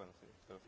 Wednesday. Perfect.